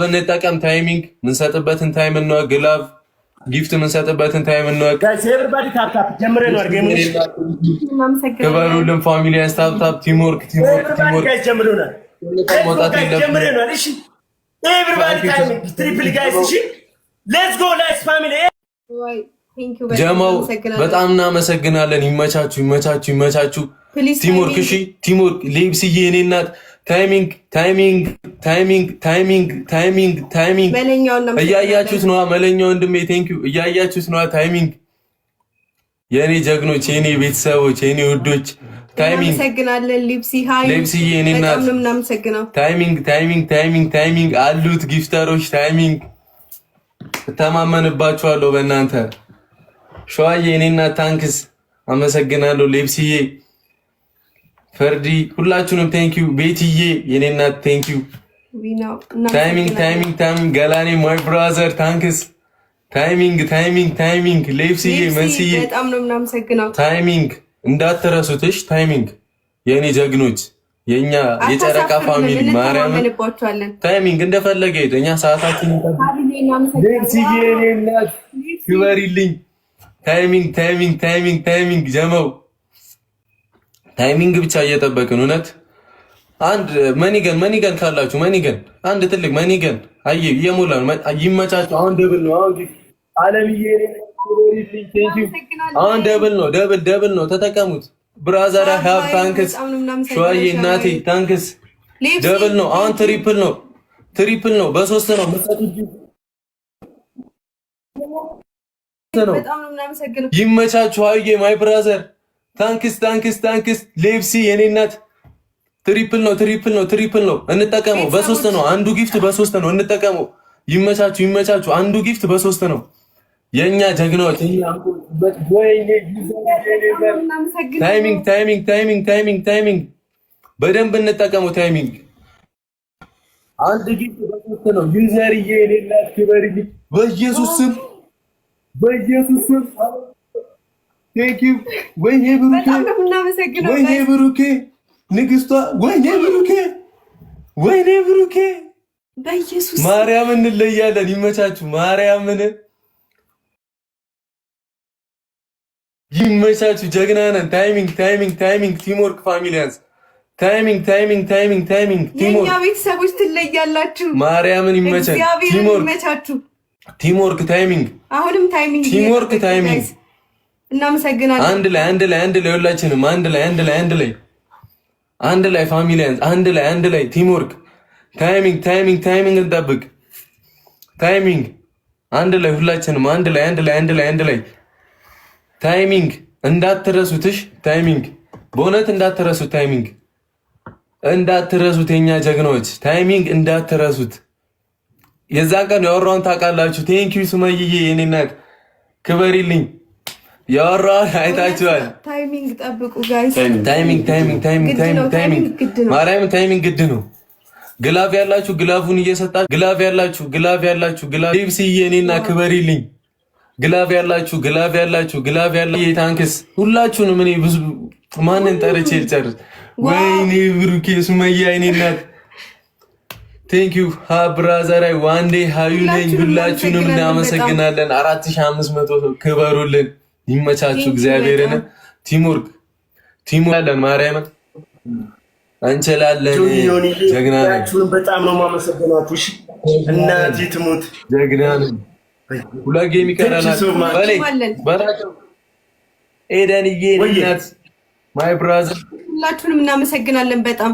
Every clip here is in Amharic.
ብንጠቀም ታይሚንግ ምንሰጥበትን ታይም ነው። ግላቭ ጊፍት ምንሰጥበትን ታይም ነው። ፋሚሊ ስታፕታፕ ቲምወርክ ቲምወርክ ቲምወርክ መውጣት ጀማው በጣም እናመሰግናለን። ይመቻችሁ፣ ይመቻችሁ፣ ይመቻችሁ። ቲምወርክ እሺ፣ ቲምወርክ ሌብስዬ እኔ እናት ታይሚንግ ታይሚንግ ታይሚንግ ታይሚንግ ታይሚንግ ታይሚንግ እያያችሁት ነዋ። መለኛ ወንድሜ ቴንኪው እያያችሁት ነዋ። ታይሚንግ የእኔ ጀግኖች፣ የእኔ ቤተሰቦች፣ የእኔ ውዶች ታይሚንግ ታይሚንግ ታይሚንግ ታይሚንግ አሉት ጊፍተሮች ታይሚንግ እተማመንባችኋለሁ በእናንተ ሸዋዬ፣ የኔና ታንክስ አመሰግናለሁ ሌብስዬ ፈርዲ ሁላችሁንም ዩ። ቤትዬ የኔ እናት ዩ። ታይሚንግ ታይሚንግ ታይሚንግ ገላኔ ማይ ብራዘር ታንክስ። ታይሚንግ ታይሚንግ ታይሚንግ ሌፍስዬ መስዬ በጣም ነው የምናመሰግነው። ታይሚንግ እንዳትረሱት እሺ። ታይሚንግ የእኔ ጀግኖች የኛ የጨረቃ ፋሚሊ ማርያም ታይሚንግ እንደፈለገ ሄደ። እኛ ሰዓታችን ሌፍስዬ የኔ እናት ክበሪልኝ። ታይሚንግ ታይሚንግ ታይሚንግ ታይሚንግ ጀመው ታይሚንግ ብቻ እየጠበቅን እውነት አንድ መኒገን መኒገን ካላችሁ መኒገን አንድ ትልቅ መኒገን አይ እየሞላ ነው። ይመቻችሁ። አሁን ደብል ነው። አሁን አለምዬ አሁን ደብል ነው። ደብል ደብል ነው። ተጠቀሙት። ብራዘር ሀብ ታንክስ ሸዋዬ እናቴ ታንክስ። ደብል ነው። አሁን ትሪፕል ነው። ትሪፕል ነው። በሶስት ነው ነው። ይመቻችሁ። አይ ማይ ብራዘር ታንክስ ታንክስ ታንክስ ሌብሲ የኔ እናት ትሪፕል ነው ትሪፕል ነው ትሪፕል ነው እንጠቀመው። በሶስት ነው አንዱ ጊፍት በሶስት ነው እንጠቀመው። ይመቻቹ ይመቻቹ። አንዱ ጊፍት በሶስት ነው። የኛ ጀግናዎች ታይሚንግ ታይሚንግ ታይሚንግ ታይሚንግ ታይሚንግ በደንብ እንጠቀመው። ታይሚንግ አንድ ጊፍት በሶስት ነው። ዩዘርዬ የኔ እናት ክበርልኝ በኢየሱስ ስም በኢየሱስ ስም ወይኔ ብሩኬ፣ ወይኔ ብሩኬ፣ ንግስቷ፣ ወይኔ ብሩኬ፣ ወይኔ ብሩኬ። በኢየሱስ ማርያም እንለያለን። ይመቻችሁ። ማርያምን ይመቻችሁ። ጀግና ነን። ታይሚንግ ታይሚንግ ታይሚንግ ቲምወርክ ፋሚሊያንስ ታይሚንግ ታይሚንግ ታይሚንግ ታይሚንግ ቲምወርክ የኛ ቤተሰቦች ትለያላችሁ። ማርያምን ይመቻችሁ። ቲምወርክ ታይሚንግ አሁንም ታይሚንግ ቲምወርክ ታይሚንግ እናመሰግናለን። አንድ ላይ አንድ ላይ አንድ ላይ ሁላችንም አንድ ላይ አንድ ላይ አንድ ላይ አንድ ላይ ፋሚሊያን አንድ ላይ አንድ ላይ ቲም ወርክ ታይሚንግ ታይሚንግ ታይሚንግ እንጠብቅ። ታይሚንግ አንድ ላይ ሁላችንም አንድ ላይ አንድ ላይ አንድ ላይ አንድ ላይ ታይሚንግ እንዳትረሱትሽ። ታይሚንግ በእውነት እንዳትረሱት። ታይሚንግ እንዳትረሱት፣ የኛ ጀግናዎች ታይሚንግ እንዳትረሱት። የዛ ቀን ያወራውን ታውቃላችሁ። ቴንኪዩ ሱመይዬ የኔ እናት ክበሪልኝ። ያወራውን አይታችኋል። ታይሚንግ ጠብቁ ጋይስ። ታይሚንግ ታይሚንግ ታይሚንግ ታይሚንግ ታይሚንግ ግድ ነው። ግላቭ ያላችሁ ግላፉን እየሰጣችሁ ግላቭ ያላችሁ ግላቭ ያላችሁ ግላቭ ሊብስዬ እኔና ክበሪልኝ ግላቭ ያላችሁ ግላቭ ያላችሁ ግላቭ ያላችሁ ታንክስ ሁላችሁንም። እኔ ብዙ ማንን ጠርቼ ልጨርስ? ወይኔ ብሩኬ ሱመያ እናት ቴንክ ዩ ሀብራዘራይ ዋንዴ ሀዩ ነኝ። ሁላችሁንም እናመሰግናለን። አራት ሺህ አምስት መቶ ክበሩልን። ይመቻችሁ። እግዚአብሔርን ቲምወርክ ቲምወርክ ያለን ማርያም አንቸላለን ጀግና ነን። በጣም ነው እሺ እናቴ ትሙት ጀግና ነን። ሁለት ጌም ይቀረናል። በላቸው ኤደንዬ እናት ማይ ብራዘር ሁላችሁንም እናመሰግናለን። በጣም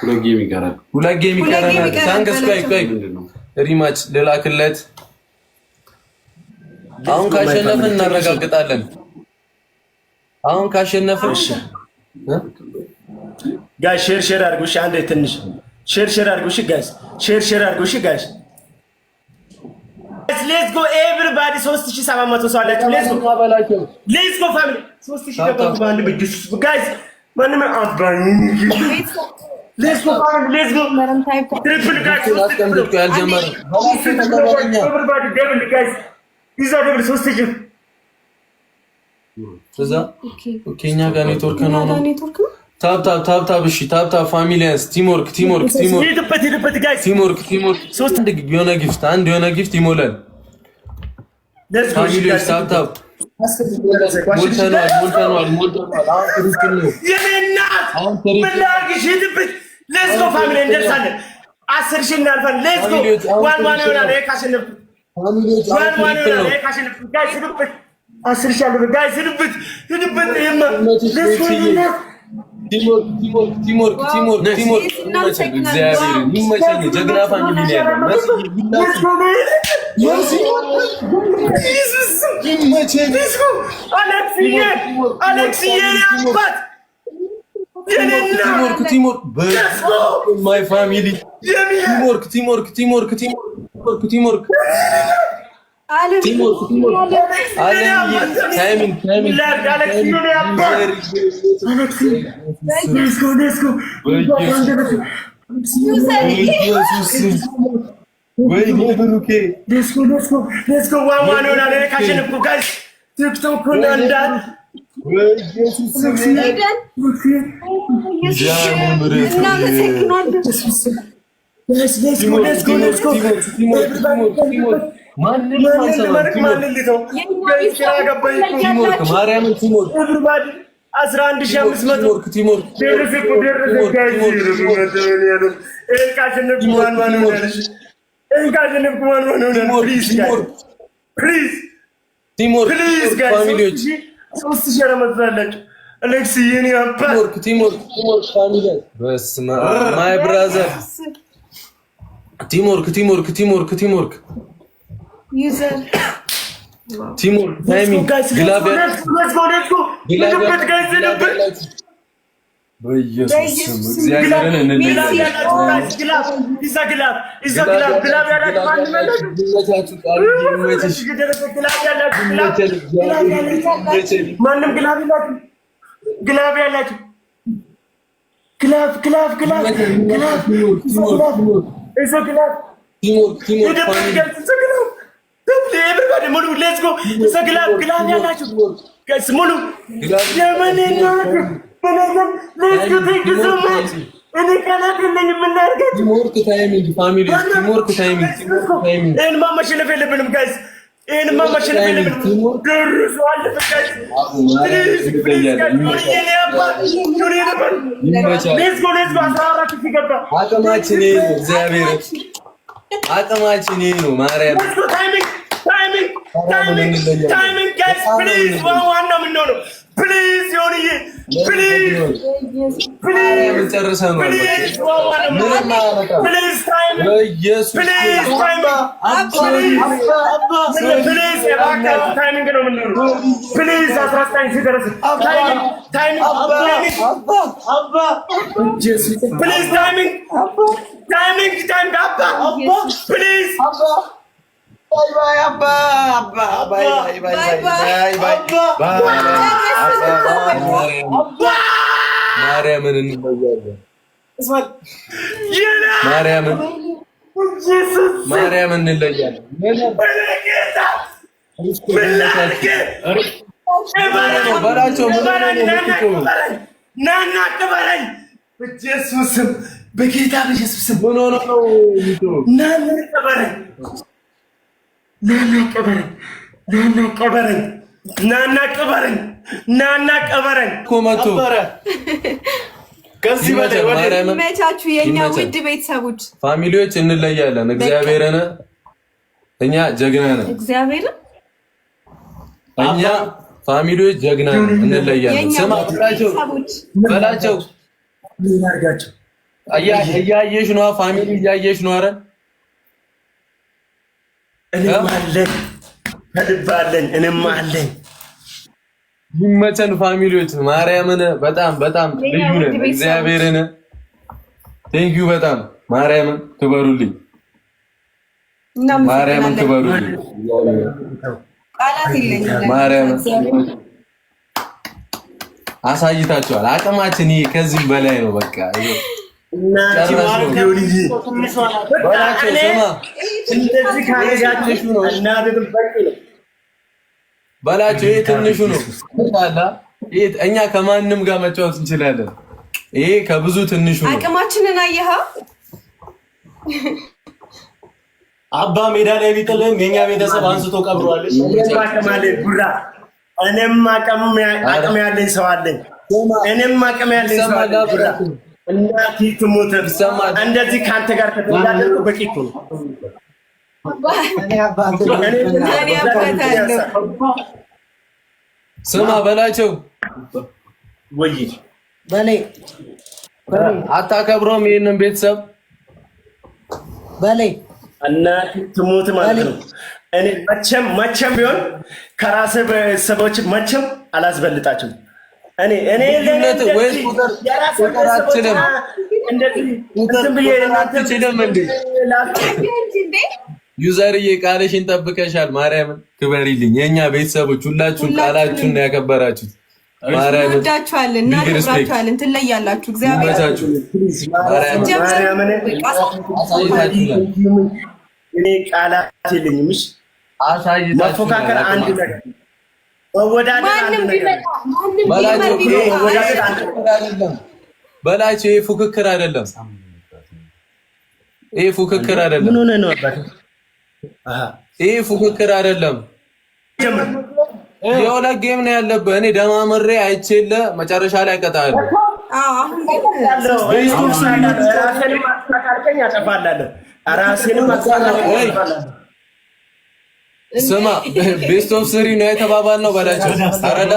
ሁለት ጌም ይቀራል። ሁለት ጌም ይቀራል። ታንክስ። ቆይ ቆይ ሪማች ልላክለት አሁን ካሸነፍን እናረጋግጣለን። አሁን ካሸነፍን ጋሽ ሼር ሼር አድርጉ። እሺ አንዴ ትንሽ ሼር ሼር አድርጉ። እሺ ጋሽ ሼር ሼር አድርጉ። እሺ ጋሽ ሌትስ ጎ ኤቭሪባዲ 3700 ሰው አላችሁ። ሌትስ ጎ ሌትስ ጎ ፋሚሊ 3000 ገባችሁ በአንድ ብጅስ ጋይስ ማንም አባኝ ሌትስ ጎ ፋሚሊ ሌትስ ጎ ትሪፕል ጋይስ ያልጀመረ ኤቭሪባዲ ደብል ጋይስ ይዛ ደብል ሶስት ጅብ እዛ እኛ ጋር ኔትወርክ ነው ነው ታብ ታብ እሺ ታብ ታብ ፋሚሊያንስ ቲምወርክ ቲምወርክ ሄድበት ሄድበት ጋይ ቲምወርክ ቲምወርክ ሶስት አንድ የሆነ ጊፍት አንድ የሆነ ጊፍት ይሞላል። ፋሚሊያንስ ታብ ታብ ሞልተናል ሞልተናል አሁን ትሪክ ነው ሄድበት ሌትስ ጎ ፋሚሊ እንደርሳለን። አስር ሺህ እናልፋለን። ሌትስ ጎ ዋን ዋን ይሆናል ካሸነፍኩት አሌክስዬ አሌክስዬ አባት ማይ ፋሚሊ ቲምወርክ ቲምወርክ ቲምወርክ ቲምወርክ ቲምወርክ ቲምወርክ አስራ አንድ ሶስት ሺህ አለመትላለች አሌክስ የኔ አባት ማይ ብራዘር ቲምወርክ ቲምወርክ ቲምወርክ ቲምወርክ ቲምወርክ ታይሚንግ ግላብ በኢየሱስ እግዚአብሔርን ግላብ ግላብ ያላችሁ ሙሉ የመኔ ናችሁ ይህንማ ማሸነፍ አቅማችን እግዚአብሔር አቅማችን ይህ ነው። ማርያም ታይሚንግ ታይሚንግ ታይሚንግ ጋይስ፣ ዋናው የምንሆነው ፕሊዝ ዮንዬ ፕሊዝ ፕሊዝ ጨርሰን ፕሊዝ ታይም ፕሊዝ ታይም ፕሊዝ የባካችሁ ታይሚንግ ነው የምንኖረው። ፕሊዝ አስራ ዘጠኝ ሲደርስ ታይሚንግ ታይሚንግ ታይሚንግ ማርያምን እንለያለን። ማርያምን እንለያለን። በላቸው ናና ቅበረኝ። በኢየሱስም በጌታ በኢየሱስም ናና ቅበረኝ ናና ቅበረኝ፣ ናና ቅበረኝ፣ ናና ቅበረኝ፣ ናና ከዚህ በላይ ውድ ቤተሰቦች ፋሚሊዎች፣ እንለያለን። እግዚአብሔርን እኛ ጀግና ነን። እግዚአብሔርን እኛ ፋሚሊዎች ጀግና እንለያለን። ስማ በላቸው እያየሽ ነዋ ፋሚሊ እያየሽ ነው። እኔም አለኝ ከልብ አለኝ። እኔም አለኝ። ይመቸን ማርያምን በጣም በጣም ልዩ ነን። እግዚአብሔርን ቴንኪዩ በጣም ማርያምን ማርያምን ማርያምን አሳይታችኋል። አቅማችን ከዚህ በላይ ነው በቃ በላቸው ይሄ ትንሹ ነው። እኛ ከማንም ጋር መጫወት እንችላለን። ይሄ ከብዙ ትንሹ ነው። አቅማችንን አየህ አባ ሜዳ ላይ ቢጥልም የኛ ቤተሰብ አንስቶ ቀብሯል። እኔም አቅም ያለኝ ሰው አለኝ። እኔም አቅም ያለኝ ሰው አለኝ። እናቴ ትሙት እንደዚህ ከአንተ ጋር ከተወዳደርኩ በቂ እኮ ነው። ስማ በላቸው ወይ አታከብረውም ይህንን ቤተሰብ በላይ እናቴ ትሙት ማለት ነው። እኔ መቼም መቼም ቢሆን ከራሴ ቤተሰቦች መቼም አላስበልጣቸውም። እኔ እኔ ልዩነት ወይስ ቁጥር ዩዘርዬ ቃልሽን ጠብቀሻል። ማርያምን ክበሪልኝ። የእኛ ቤተሰቦች ሁላችሁን ቃላችሁን ያከበራችሁት ወዳችኋለን እና ትለያላችሁ። እግዚአብሔር እኔ ቃላት የለኝም። መፎካከር አንድ ነገር በላቸው ይሄ ፉክክር አይደለም። ይሄ ፉክክር አይደለም። ይሄ ፉክክር አይደለም። የሁለት ጌም ነው ያለብህ። እኔ ደማምሬ አይቼ መጨረሻ ላይ እቀጣለሁ። ራሴንም ስማ ቤስት ኦፍ ስሪ ነው የተባባል ነው በላቸው። አረዳ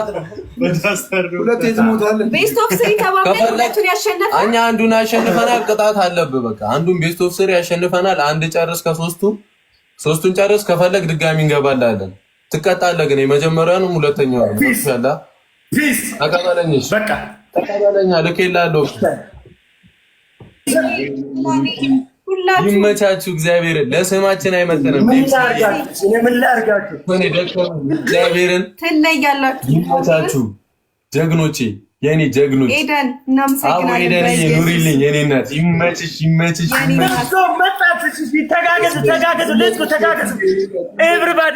እኛ አንዱን አሸንፈናል፣ ቅጣት አለብህ። በቃ አንዱን ቤስት ኦፍ ስሪ ያሸንፈናል። አንድ ጨርስ ከሶስቱ ሶስቱን ጨርስ። ከፈለግ ድጋሚ እንገባላለን። ትቀጣለህ፣ ግን የመጀመሪያውንም ሁለተኛው ያላ ተቀበለኝሽ፣ ተቀበለኛ ልኬላለሁ ሁላችሁ ይመቻችሁ። እግዚአብሔር ለስማችን አይመጥንም። ምን ላርጋችሁ? ምን ላርጋችሁ? እግዚአብሔርን ትለያላችሁ። ይመቻችሁ ጀግኖቼ፣ የኔ ጀግኖች። ኤደን እናመሰግናለን። ኤደን ኑሪልኝ፣ የኔ እናት። ይመችሽ፣ ይመችሽ፣ ይመችሽ። ተጋገዙ፣ ተጋገዙ፣ ተጋገዙ። ኤቭሪባዲ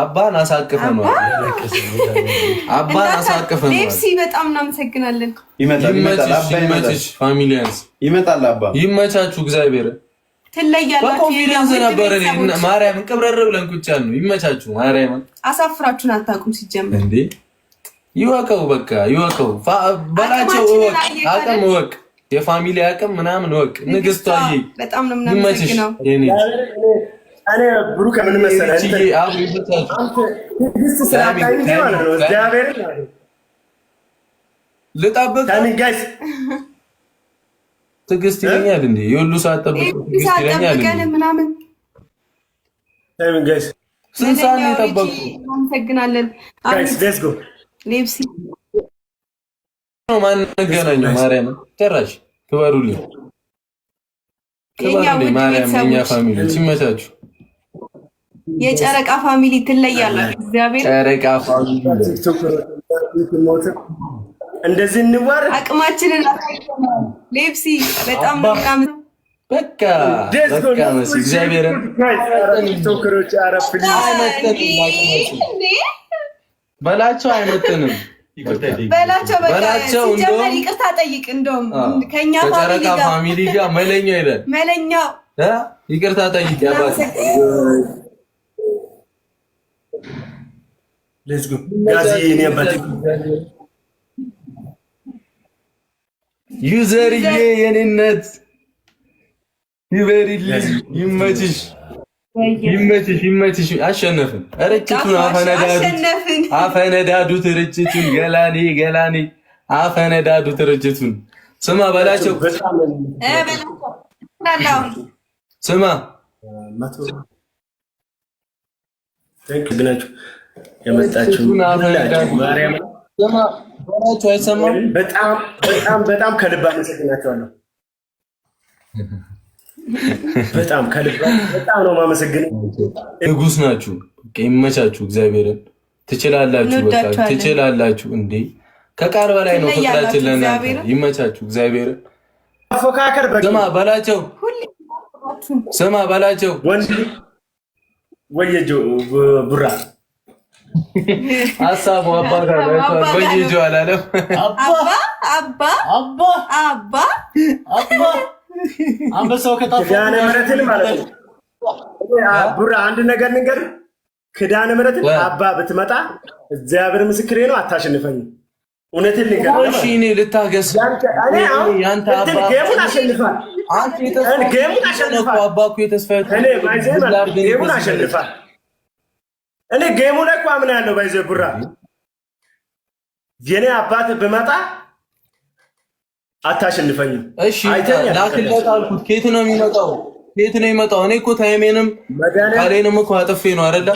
አባን አሳቅፈ ነው አባን አሳቅፈ ነው። በጣም እናመሰግናለን። ይመጣል አባ ይመቻችሁ። እግዚአብሔር ትለያላችሁ። በኮንፊደንስ ነበረ ማርያምን ቅብረር ብለን ቁጭ ያልነው ይመቻችሁ። ማርያም አሳፍራችሁን አታውቁም። ሲጀምር እንዴ ይወቀው፣ በቃ ይወቀው በላቸው። እወቅ አቅም እወቅ፣ የፋሚሊ አቅም ምናምን እወቅ። ንግስቷ ይመችሽ። እኔ ብሩክ ምን መሰለህ ትዕግስት ስላጣኝ እንጂ ማለት ነው። እግዚአብሔርን ልጠብቅ ትዕግስት ይለኛል እንዴ? የሁሉ ሰዓት ጠብቅ ትዕግስት ይለኛል ስንት ሰዓት ነው የጠበቅኩት? አመሰግናለን። ሌፕሲ ነው ማንገናኘው። ማርያም ጭራሽ ክበሩልኝ፣ ክበሩልኝ ማርያም። የእኛ ፋሚሊ ሲመቻችሁ የጨረቃ ፋሚሊ ትለያላችሁ። እግዚአብሔር ጨረቃ ፋሚሊ እንደዚህ እንዋር አቅማችንን ሌፕሲ በጣም በቃ በላቸው አይመጥንም በላቸው ይቅርታ ጠይቅ እንደውም ከኛ ፋሚሊ ጋር መለኛው ይለን መለኛው ይቅርታ ጠይቅ ያባት ሌትስ ጎ ጋዚ እኔ ዩዘርዬ የኔነት ይበሪልኝ። ይመችሽ ይመችሽ ይመችሽ። አሸነፍን። ርጭቱን አፈነዳዱት አፈነዳዱት። ርጭቱን ገላኔ ገላኔ አፈነዳዱት። ርጭቱን ስማ በላቸው ስማ የመጣችሁ በጣም በጣም በጣም ከልብ አመሰግናቸዋለሁ። በጣም ከልብ በጣም ነው ማመሰግን። ንጉስ ናችሁ። ይመቻችሁ። እግዚአብሔርን ትችላላችሁ። ትችላላችሁ። እንዴ ከቃል በላይ ነው ፍቅራችን ለእናንተ። ይመቻችሁ። እግዚአብሔርን አፎካከር ስማ በላቸው፣ ስማ በላቸው ወንድ ወየጆ ቡራ ሀሳቡ አባ በየጆ አላለም። አባ አንበሳው ኪዳነ ምሕረትን ማለት ነው። ቡራ አንድ ነገር ንገር። ኪዳነ ምሕረትን አባ ብትመጣ እግዚአብሔር ምስክሬ ነው፣ አታሸንፈኝ እውነትን ንገር። እሺ እኔ ልታገስ። ያንተ አባ ጌሙን አሸንፋል። አንተ ጌሙን አሸንፋል። አባ እኮ የተስፋ ጌሙን አሸንፋል እኔ ጌሙ ላይ እኮ አምናለሁ። ባይዘ ቡራ የኔ አባት ብመጣ አታሸንፈኝም። እሺ ላክለት አልኩት። ከየት ነው የሚመጣው? ከየት ነው የሚመጣው? እኔ እኮ ታይሜንም ካሌንም እኮ አጥፌ ነው አይደለ?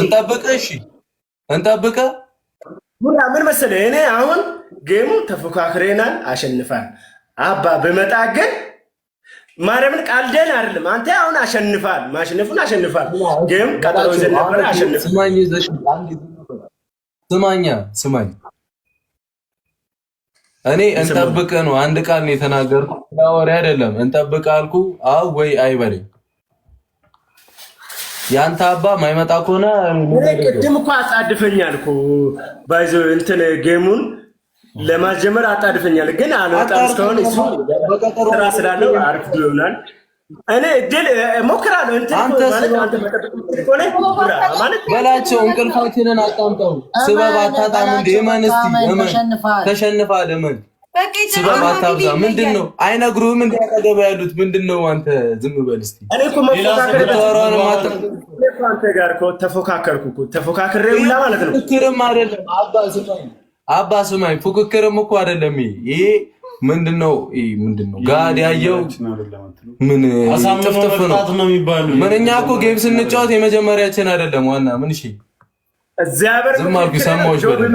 እንጠብቀ እሺ፣ እንጠብቀ ቡራ ምን መሰለህ፣ እኔ አሁን ጌሙ ተፎካክሬናል፣ አሸንፋል። አባ ብመጣ ግን ማርያምን ቃልደን አይደለም። አንተ አሁን አሸንፋል፣ ማሸነፉን አሸንፋል። ግን ቀጠሮ ይዘን ነበረ አሸንፍ። ስማኛ ስማኝ፣ እኔ እንጠብቅ ነው አንድ ቃል ነው የተናገርኩት። ወሬ አይደለም እንጠብቅ አልኩ። አዎ ወይ አይበለኝ። የአንተ አባ ማይመጣ ከሆነ ቅድም እኮ አሳድፈኛል እኮ ባይዞ እንትን ጌሙን ለማስጀመር አጣድፈኛል፣ ግን አልወጣም እስካሁን። እሱ ስራ ስላለው አሪፍ ይሆናል። እኔ እድል እሞክራለሁ። በላቸው እንቅልፋችንን አጣምጠው ስበብ አታጣም። እንደ የማን እስኪ ተሸንፋል። እመን ስበብ አታብዛ። ምንድን ነው አይነግሩህም? እንደ አጠገብ ያሉት ምንድን ነው? አንተ ዝም በል እስኪ። ተፎካከርኩ ተፎካክሬ ሁላ ማለት ነው። ትክክርም አይደለም አባ አባ ስማኝ፣ ፉክክርም እኮ አይደለም ይሄ። ምንድነው? ምንድነው ጋድ ያየው ምን ጥፍጥፍ ነው የሚባለው? ምን እኛ እኮ ጌም ስንጫወት የመጀመሪያችን አይደለም። ዋና ምን እሺ፣ እዚያ በር ዝም አልኩ ሰማሁሽ በደንብ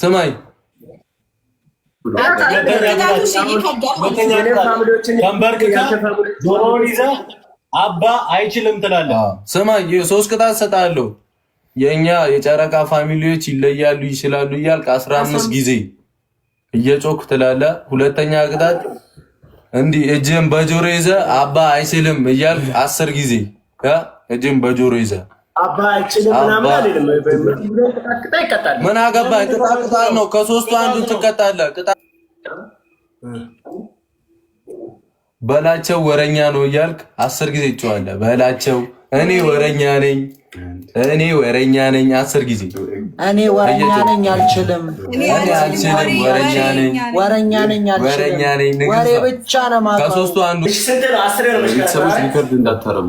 ስማኝ አባ አይችልም ትላለህ። ስማኝ ሶስት ቅጣት ሰጣለሁ። የእኛ የጨረቃ ፋሚሊዎች ይለያሉ ይችላሉ እያልክ አስራ አምስት ጊዜ እየጮክ ትላለህ። ሁለተኛ ቅጣት እንዲህ እጅህን በጆሮ ይዘህ አባ አይችልም እያልክ አስር ጊዜ እጅህን በጆሮ ይዘህ ምን ነው። ከሶስቱ አንዱን ትቀጣለህ። በላቸው ወረኛ ነው እያልክ አስር ጊዜ ይጮዋለህ። በላቸው እኔ ወረኛ ነኝ፣ እኔ ወረኛ ነኝ። አስር ጊዜ እኔ ወረኛ ነኝ፣ አልችልም፣ አልችልም፣ ወረኛ ነኝ፣ ወረኛ ነኝ፣ አልችልም፣ ወሬ ብቻ ነው። ከሶስቱ አንዱ ቤተሰቦች ሪከርድ እንዳታረሙ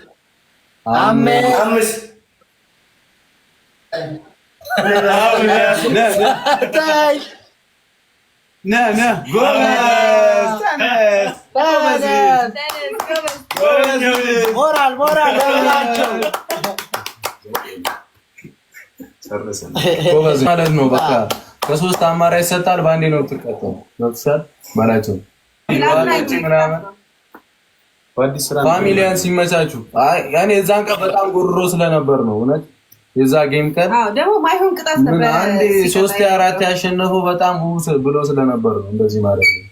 ሞራል ሞራል ለብላቸው ማለት ነው። በቃ ከሶስት አማራጭ ይሰጣል፣ በአንዴ ነው ትቀጠል በላቸው ምናምን ፋሚሊያን ሲመቻቹ ያኔ የዛን ቀን በጣም ጉሮ ስለነበር ነው እውነት። የዛ ጌም ቀን ደግሞ ማይሆን ቅጣት ነበር። አንዴ ሶስት አራት ያሸነፈው በጣም ብሎ ስለነበር ነው እንደዚህ ማለት ነው።